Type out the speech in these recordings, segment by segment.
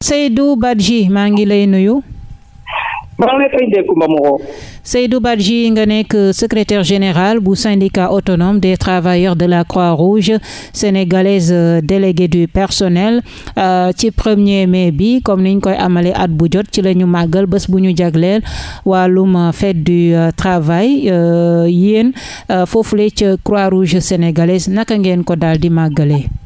Seydou Badji maa ngi lay nuyu. Seydou Badji nga nekk secrétaire général bu syndicat autonome des travailleurs de la Croix-Rouge sénégalaise euh, délégué du personnel euh, ci premier mais bi comme niñ koy amalee at bu jot ci la ñu màggal bés bu ñu jagleel wàllum fête du euh, travail yéen foofule ca Croix-Rouge sénégalaise naka ngeen ko daal di màggalee.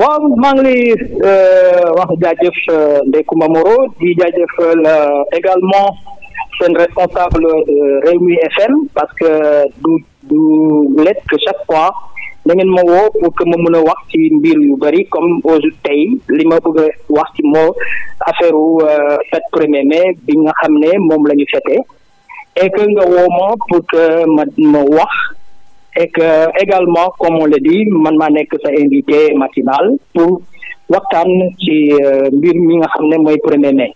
waaw maa ngi lay euh, wax jaajëf euh, Ndeye Comba Moreau di jaajëfal euh, également seen responsable Rewmi FM parce que du du let que chaque fois da ngeen ma woo pour que ma mën wax ci mbir yu bëri comme aujourd'hui tey li ma bëgg wax ci moo affaire u fête premier mai bi nga xam ne moom la ñu fêté et que nga woo ma pour que ma ma wax et que également comme on le dit man maa nekk sa invité matinal pour waxtaan ci euh, mbir mi nga xam ne mooy premier mai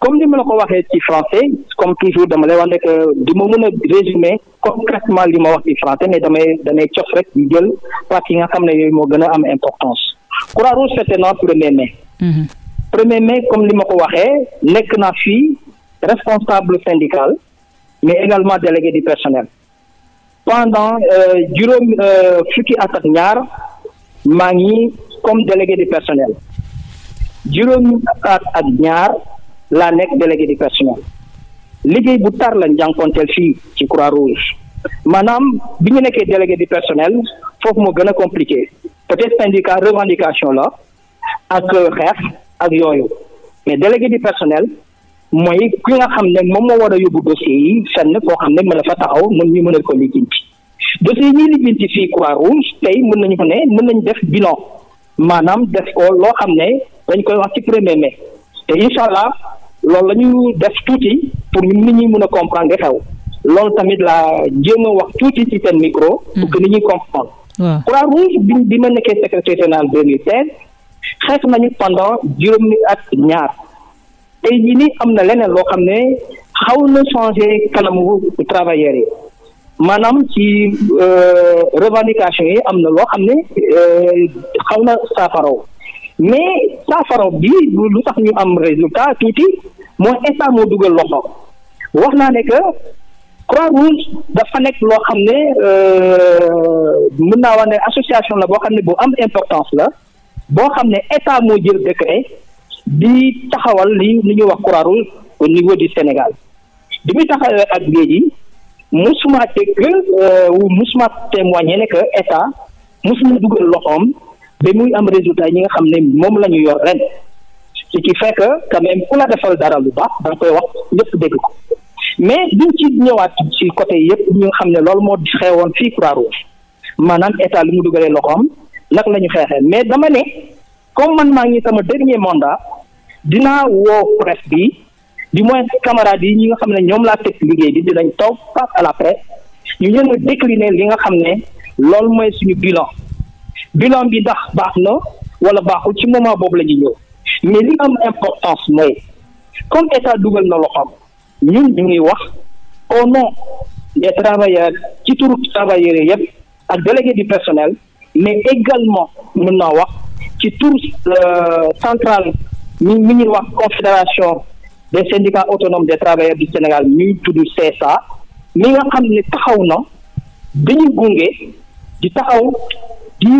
comme ni ma la ko waxee ci français comme toujours dama lay wax ne que du ma mën a résumer concrètement li ma wax ci français mais damay damay cof rek di jël parties yi nga xam ne yooyu moo gën a am importance Croix-Rouge fête na premier mai mm-hmm. premier mai comme li ma ko waxee nekk na fi responsable syndical mais également délégué du personnel pendant euh, juróom euh, fukki at ak ñaar maa ngi comme délégué di personnel juróomi at ak ñaar laa nekk délégué di personnel liggéey bu tar lañ jànkonteel fii ci croix rouge maanaam bi ñu nekkee délégué di personnel foofu moo gën a compliqué peut-être syndicat revendication la ak xeex ak yooyu mais délégué du personnel mooy ki nga xam ne moom moo war a yóbbu dossiers yi fenn koo xam ne mën na fa taxaw mën ñu mënal ko lijjanti dossiers yi ñuy lijjanti fii Croix-Rouge tey mën nañu ko ne mën nañu def bilan maanaam def ko loo xam ne dañ koy wax ci premier mai te incha allah loolu la def tuuti pour ñu nit ñi mën a comprendre xew loolu tamit la jéem a wax tuuti ci seen micro. pour que nit ñi comprendre. waaw Croix-Rouge bi bi ma nekkee secrétaire général 2016 xeex nañu pendant juróomi ñaar. tey jii nii am na leneen loo xam ne xaw na changé kanamu travailleurs yi maanaam ci euh, revendication yi am na loo xam ne euh, xaw na saafaraw mais saafaraw bi lu tax ñu am résultat tuuti mooy état moo dugal loxo wax naa ne que croix rouge dafa nekk loo xam ne euh, mën naa wax ne association la boo xam ne bu am importance la boo xam ne état moo jël décret di taxawal li li ñuy wax Croix-Rouge au niveau du Sénégal bi muy taxawee ak géej gi musuma dégg euh, ou musuma témoigné ne que état musuma dugal loxoom ba muy am résultat yi nga xam ne moom la ñu yor ren ce qui fait que quand ku la defal dara lu baax da koy wax ñëpp dégg ko mais duñ ci ñëwaat ci côté yëpp ñu nga xam ne loolu moo xewoon fii Croix-Rouge maanaam état li mu dugalee loxoom nag la ñu xeexee mais dama ne comme man maa ngi sama dernier monda dinaa woo presse bi du moins camarades yi ñi nga xam ne ñoom laa teg liggéey bi dinañ toog face à la presse ñu ñën a décliner li nga xam ne loolu mooy suñu bilan bilan bi ndax baax na wala baaxul ci moment boobu la ñuy mais li am importance mooy comme état dugal na loxoom ñun ñu ngi wax au nom des travailleurs ci turu travailleurs yëpp ak délégué du personnel mais également mën naa wax ci turu euh, centrale ñu mu ñuy wax confédération des syndicats autonome des travailleurs du Sénégal ñuy tudd CSA mi nga xam ne taxaw na dañuy gunge di taxaw di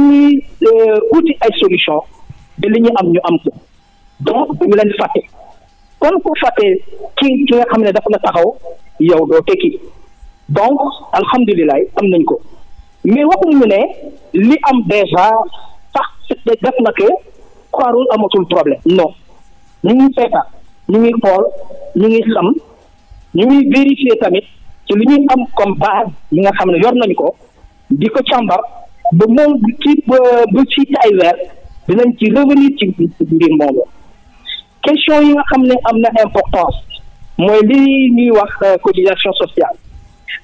wuti euh, ay solution de li ñu am ñu am ko donc ñu leen fàtte kon ko fàtte ki ki nga xam ne daf na taxaw yow doo tekki donc alhamdulilah am nañ ko mais waxuñu ne li am déjà sax def na que croix amatul problème non ñu ngi seeta ñu ngi xool ñu ngi xam ñu ngi vérifier tamit ci li ñuy am comme base yi nga xam ne yor nañ ko di ko càmbar ba moom ci ba ci ay weer dinañ ci revenir ci mbir moomu question yi nga xam ne am na importance mooy li ñuy wax euh, cotisation sociale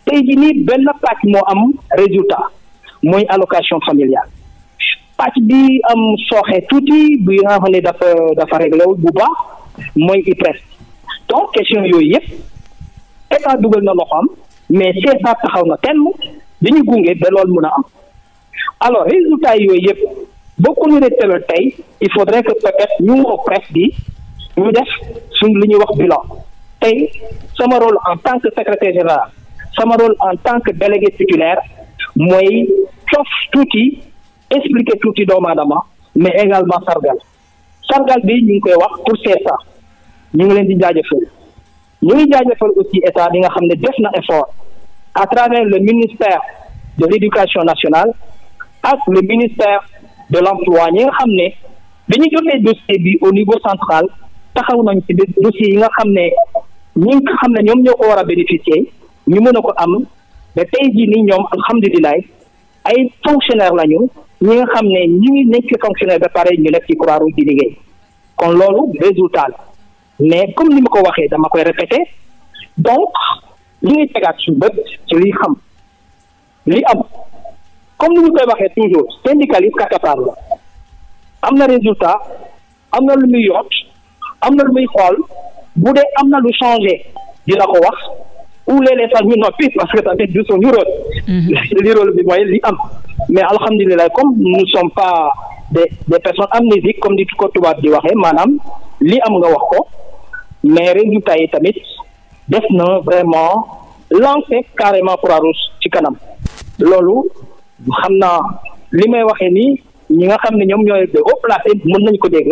tey jii nii benn pàcc moo am résultat mooy allocation familiale pàcc bi am sooxe tuuti bi nga xam ne dafa dafa réglé bu baax mooy IPRES donc question yooyu yëpp état dugal na loxoom mais CSA taxaw na temm di ñu gunge ba loolu mun a am alors résultat yooyu yëpp boo ko mënee tëral tey il faudrait que peut-être ñu woo presse ñu def su li ñuy wax bilan tey sama role en tant que secrétaire général sama role en tant que délégué titulaire mooy cof tuuti. expliquer tuuti doomu aadama mais également sargal sargal bi ñu ngi koy wax pour CSA ñu ngi leen di jaajëfal ñu ngi jaajëfal aussi état bi nga xam ne def na effort à travers le ministère de l'éducation nationale ak le ministère de l'emploi ñi nga xam ne bi ñu jotee dossier bi au niveau central taxaw nañ ci dossier yi nga xam ne ñi nga xam ne ñoom ñoo ko war a bénéficier ñu mën a ko am ba tey jii nii ñoom alhamdulilah ay fonctionnaires lañu ñi nga xam ne ñi ngi nekk ci fonctionnaire ba pare ñu nekk ci croix rouge di liggéey kon loolu résultat la mais comme ni ma ko waxee dama koy répété donc li ngay tegaat su bët ci liy xam li am comme ni ñu koy waxee toujours syndicaliste kakapaar la am na résultat am na lu muy yott am na lu muy xool bu dee am na lu changé dina ko wax ou léeg-léeg sax ñu noppi parce que tamit du suñu rôle. li rôle bi mooy li am mais alhamdulilah comme nous sommes pas des des personnes amnésiques comme di ko tubaab di waxee maanaam li am nga wax ko mais résultat yi tamit def na vraiment lancé carrément Croix-Rouge ci kanam loolu xam naa li may waxee nii ñi nga xam ne ñoom ñooy de haut placé mën nañu ko dégg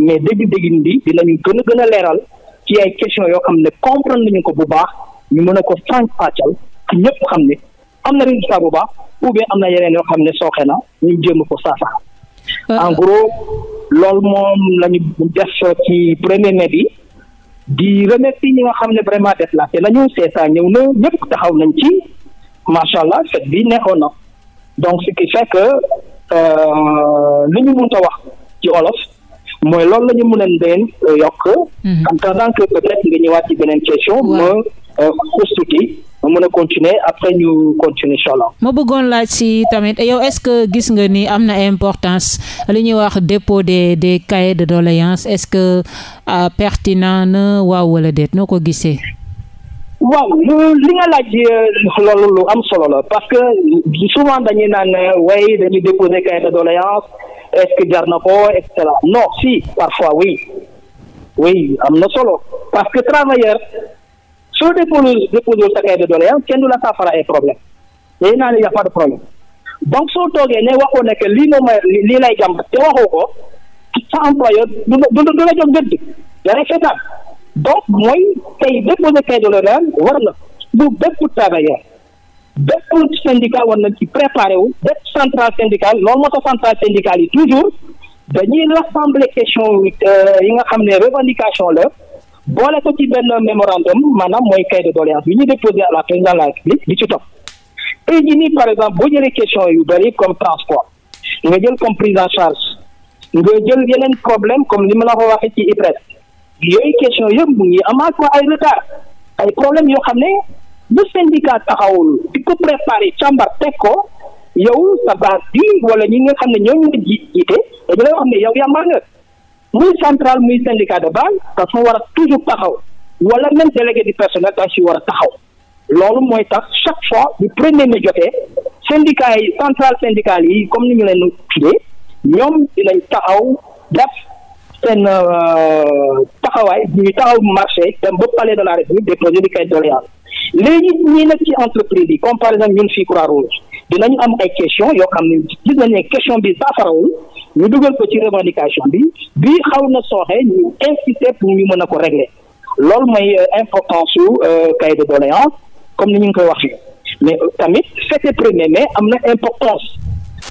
mais dégg-déggin bi dinañu gën a gën a leeral ci ay question yoo xam ne comprendre nañu ko bu baax. ñu mën a ko franc pàccal ñëpp xam ne am na résultat bu baax ou bien am na yeneen yoo xam ne sooxe na ñu jëm ko saafara euh. en gros loolu moom lañu ñu def ci premier mai bi di remercier ñi nga xam ne vraiment déplacé nañu seetaan ñëw na ñëpp taxaw nañ ci macha allah fête bi neexoon na donc ce qui fait que euh, li ñu mun ta wax ci olof mooy loolu la ñu mën a leen euh, yokk mm-hmm. en tant que peut nga ñëwaat ci beneen question xustuti ma mën a continuer après ñu continuer incha allah. bëggoon laaj si tamit yow est-ce que gis nga ni am na importance li ñuy wax dépôt des des cahiers de doléances est-ce que euh, pertinent na waaw wala déet noo ko gisee. waaw lu li nga laaj euh, loolu lu am solo la parce que souvent dañuy naan way dañuy déposer cahier de doléance est-ce que jar na ko si parfois oui oui am na solo parce que travailleur soo déposé déposé sa cahier de doléance kenn du la saafara ay problème léegi naa ne y' a pas de problème donc soo toogee ne waxoo nekk que lii moom lii lay jàmbat te waxoo ko sa employeur du la du la jox gëdd da ngay seetaan donc mooy tey déposé cahier de doléance war na lu bépp travailleur bépp syndicat war na ci préparé wu bépp central syndical loolu moo tax central syndical yi toujours dañuy rassembler question euh, yi nga xam ne revendication la. boole ko ci benn mémorandum maanaam mooy cahier de doléance bi ñu déposé à la présidente de la république di ci topp tey jii nii par exemple boo jëlee question yu bëri comme transport nga jël comme prise en charge nga jël yeneen problème comme li ma la ko waxee ci IPRES yooyu question yëpp mu ngi amaat ko ay retard ay problème yoo xam ne bu syndicat taxawul di ko préparer càmbar teg ko yow sa base bi wala ñi nga xam ne ñooñu nga jiite dañu lay wax ne yow yaa nga muy central muy syndicat de base dafa war a toujours taxaw wala même délégué di personnel dafa si war a taxaw loolu mooy tax chaque fois bu premier mai jotee syndicat yi central syndical yi comme ni ñu leen tuddee ñoom dinañ taxaw def seen euh, taxawaay ñuy taxaw marché dem ba palais de la république déposer di kay doléance léegi ñii nag ci entreprise yi comme par exemple ñun fii Croix-Rouge dinañu am ay question yoo xam ne gis nañ ne question bi saafarawul ñu dugal ko ci revendication bi bii xaw na sooxe ñu incité pour ñu mën a ko régler loolu mooy euh, importance su euh, cahier de doléance comme ni ñu ngi koy waxee mais euh, tamit fête premier mai am na importance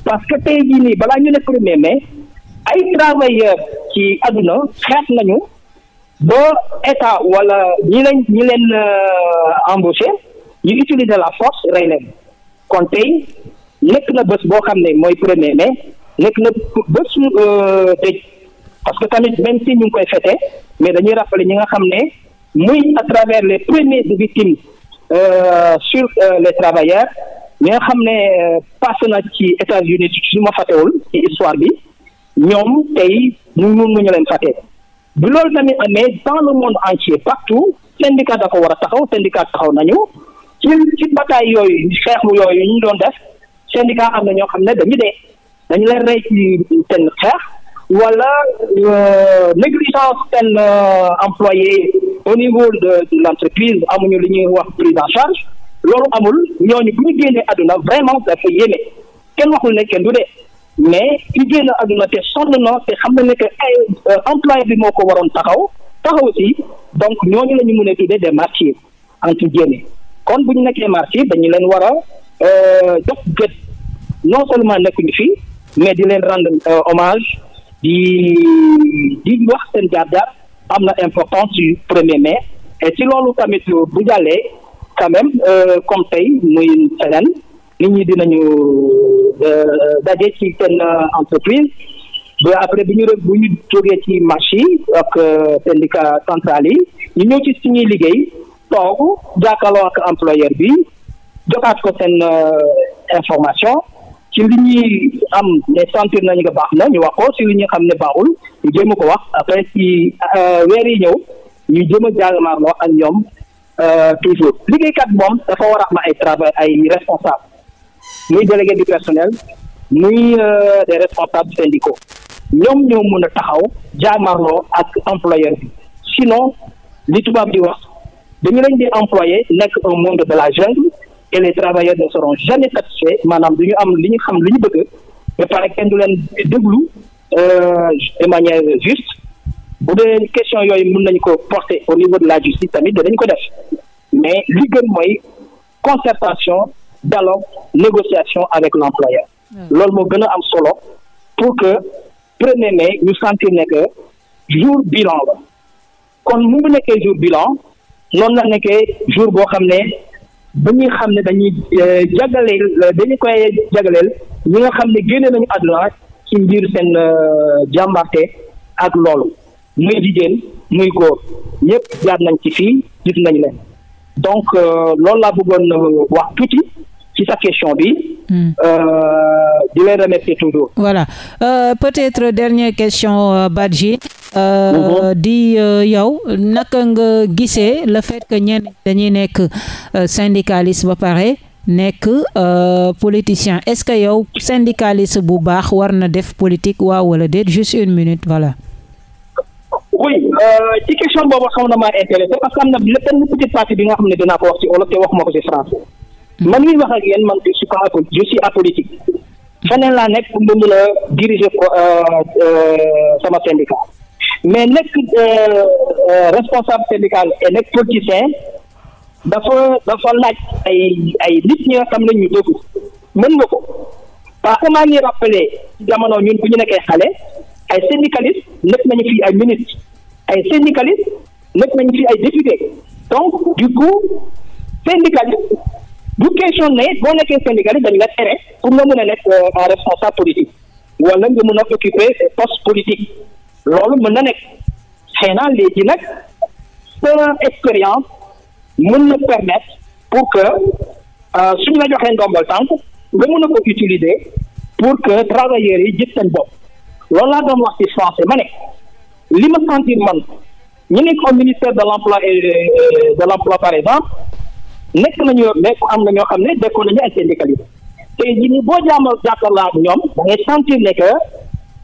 parce que tey jii nii balaa ñu ne premier mais ay travailleurs ci àdduna xeex nañu bo état wala ñi lañ ñu leen embauché ñu utiliser la force rey leen kon tey nekk na bés boo xam ne mooy premier mai nekk na bésu dëj euh, parce que tamit même si ñu ngi koy fêté mais dañuy rappeler ñi nga xam ne muy à travers les premiers victimes euh, sur euh, les travailleurs ñi nga xam ne euh, passé na ci États-Unis su ma fàttewul ci histoire bi ñoom tey ñu mu ñu leen fàtte bi loolu tamit amee dans le monde entier partout syndicat da ko war a taxaw syndicat taxaw nañu ci ci bataay yooyu xeex mu yooyu ñu doon def syndicat am na ñoo xam ne dañu dee dañu leen rey ci seen xeex wala euh, négligence seen euh, employé au niveau de de l' amuñu lu ñuy wax prise en charge loolu amul ñooñu bu ñu génnee àdduna vraiment dafa yéeme kenn waxul ne kenn du dee mais ki génn àdduna te sonn na te xam na ne ay euh, employé bi moo ko waroon taxaw taxaw si donc ñooñu la ñu mën a tuddee des martyrs entre guillemets kon bu ñu nekkee marché yi dañu leen war a euh, jox gët non seulement nekkuñu fi mais di leen rendre euh, hommage di di wax seen jaar-jaar am na importance yu premier mais et ci loolu tamit bu jàllee quand même euh, comme tey muy seneen nit ñi dinañu daje ci seen entreprise ba après bu ñu bu ñu jógee ci marché yi ak syndicat central yi ñu ñëw ci suñuy liggéey toog jàkkaarloo ak employeur bi joxaat ko seen euh, information ci li ñuy am ne sentir nañu ko baax na ñu wax ko si li ñu xam ne baaxul ñu jéem a ko wax après ci euh, weer yi ñëw ñu jéem a jàmmaarloo ak ñoom euh, toujours liggéeykat moom dafa war a am ay travail ay responsable muy délégué du personnel muy des responsables syndicaux ñoom ñoo mun a taxaw jàmmaarloo ak employeur bi sinon li tubaab di wax. dañu leen di employé nekk un monde de la jungle et les travailleurs ne seront jamais satisfaits maanaam du ñu am li ñu xam li ñu bëgg ba pare kenn du leen déglu euh, de manière juste bu dee question yooyu mën nañu ko porté au niveau de la justice tamit danañ ko def mais li gën mooy concertation dialogue négociation avec l'employeur hmm. loolu moo gën a am solo pour que premier mai ñu sentir ne que jour bilan la kon mu nekkee jour bilan noonu la nekkee jour boo xam ne ba ñuy xam ne dañuy euh, jagleel euh, dañu koy jagleel ñi nga xam ne génne nañu àdduna ci mbir seen euh, jàmbarte ak loolu muy jigéen muy góor ñëpp jaar nañ ci fii gis nañ leen donc loolu laa bëggoon wax tuuti. ci sa question bi. Hmm. Euh, di leen remercier toujours. voilà euh, peut-être dernière question euh, Badji. Euh, mhm. di euh, yow naka nga gisee le fait que ñenn dañuy nekk euh, syndicaliste ba pare nekk politicien est-ce que yow syndicaliste bu baax war na def politique waaw wala déet juste une minute voilà. oui ci question boobu xaw na maa intéressé parce que am na benn petite partie bi nga xam ne dinaa ko wax ci wolof te waxuma ko ci français. man mi wax a yéen man je suis pas je suis feneen laa nekk pour mën a diriger ko euh, euh, sama syndicat mais nekk euh, responsable syndical et nekk politicien dafa dafa laaj ay ay nit ñi nga xam ne ñu dëggu mën nga ko parce que maa ngi rappelé jamono ñun bu ñu nekkee xale ay syndicaliste nekk nañu fii ay ministre ay syndicaliste nekk nañu fii ay député donc du coup syndicaliste bu question ne boo nekkee syndicat dañ la tere pour nga mën a nekk euh, en responsable politique wala nga mën a occuper poste politique loolu mën na nekk xëy na léegi nag seen expérience mën na permettre pour que euh, suñu la joxee ndombal tànk nga mën a ko utiliser pour que travailleurs yi jëf seen bopp loolu laa doon wax ma ne li ma sentir man ñu nekk au ministère de l' emploi euh, de l' par exemple nekk nañu mais ku am na ñoo xam ne dekkoon nañu ay syndicalistes tey jii nii boo jaamal jàkkaarloo ak ñoom da ngay sentir ne que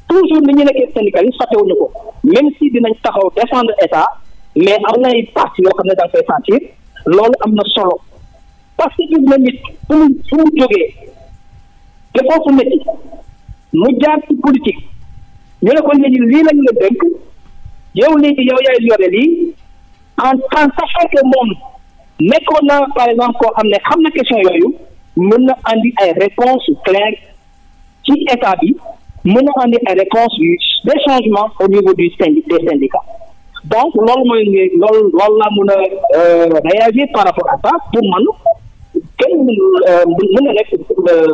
toujours ni ñu nekkee syndicalistes fàttewuñu ko même si dinañ taxaw défendre état mais am na ay parti yoo xam ne da nga koy sentir loolu am na solo parce que gis na nit fu mu fu mu jógee te foofu métti mu jaar ci politique ñu ne ko léegi lii lañ la dénk yow léegi yow yaay yore lii en tant que moom. nekkoon na par exemple koo xam ne xam na question yooyu mën na andi ay réponses claires ci état bi mën na andi ay réponses yu changement changements au niveau du syndic des donc loolu mooy loolu loolu laa mën a euh, réagir par rapport à ça pour man kenn mën euh, na nekk euh,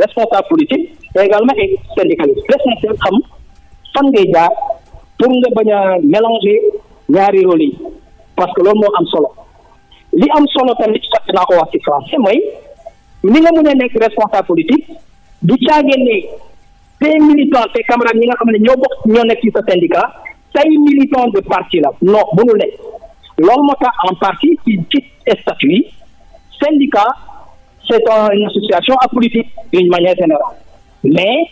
responsable politique également et syndicaliste l'essentiel xam fan ngay jaar pour nga bañ a mélanger ñaari rôle yi parce que loolu moo am solo. li am solo sa fàtte naa ko wax si français mooy ni nga mën a nekk responsable politique du caagee ne say militants say camarades ñi nga xam ne ñoo bokk ñoo nekk ci sa syndicat say militants de parti la non mënul nekk loolu moo tax en partie ci ci statut yi syndicat c'est une association apolitique d'une manière générale mais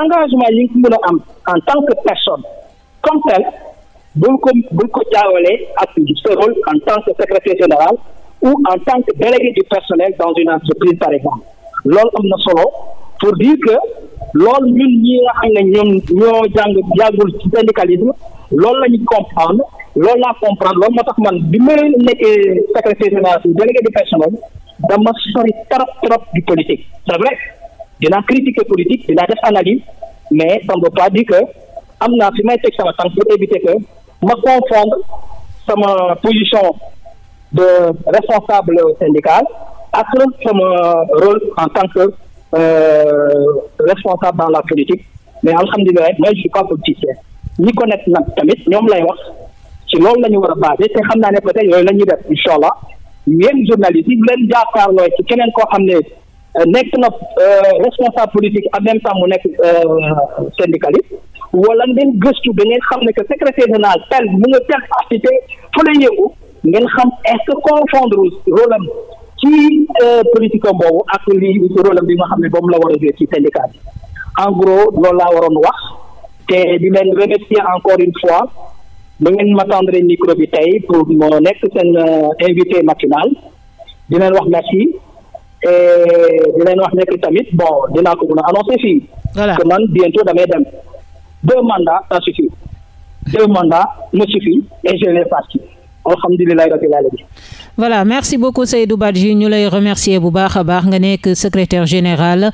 engagement yi nga mën a am en tant que personne comme tel bul ko bul ko jaawalee ak sa rôle en tant que secrétaire général ou en tant que délégué du personnel dans une entreprise par exemple loolu am na solo pour dire que loolu ñun ñi nga xam ne ñun ñoo jàng jàngul ci syndicalisme loolu la ñu comprendre lool laa comprendre loolu moo tax man bi ma nekkee secrétaire général ou délégué du personnel dama sori trop trop du politique c'est vrai dinaa critiquer politique dinaa def analyse mais ça ne veut que am naa fi may teg sama tànk pour ma confondre sama position de responsable syndical ak sama rôle en tant que euh, responsable dans la politique mais alhamdulilah moi je suis pas politicien ñi ko nekk nag tamit ñoom lay wax si loolu la ñu war a te xam naa ne peut-être yooyu lañuy def incha allah yéen journalistes yi bu leen jàkkaarloo ci keneen koo xam ne euh, nekk na euh, responsable politique en même temps mu nekk euh, syndicaliste wala ngeen gëstu da ngeen xam ne que secrétaire général tel mu nga tel entité fu lay yëngu ngeen xam est-ce que confondre rôle am ci euh, politique am boobu ak lii bi nga xam ne moom la war a jouer ci syndicat bi en gros laa waroon wax te di leen remercier encore une fois da ngeen ma tendre micro bi tey pour mu nekk seen euh, invité matinal di leen wax merci et di leen wax nekk tamit bon dinaa ko mën a annoncer fii. voilà que man bientôt damay dem. deux voilà merci beaucoup Seydou Badji ñu lay remercier bu baax a baax nga nekk secrétaire général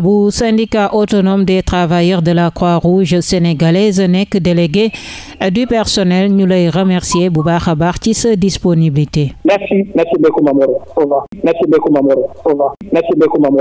bu syndicat autonome des travailleurs de la Croix-Rouge sénégalaise nekk délégué du personnel ñu lay remercier bu baax a baax ci sa disponibilité. merci beaucoup Mamoro au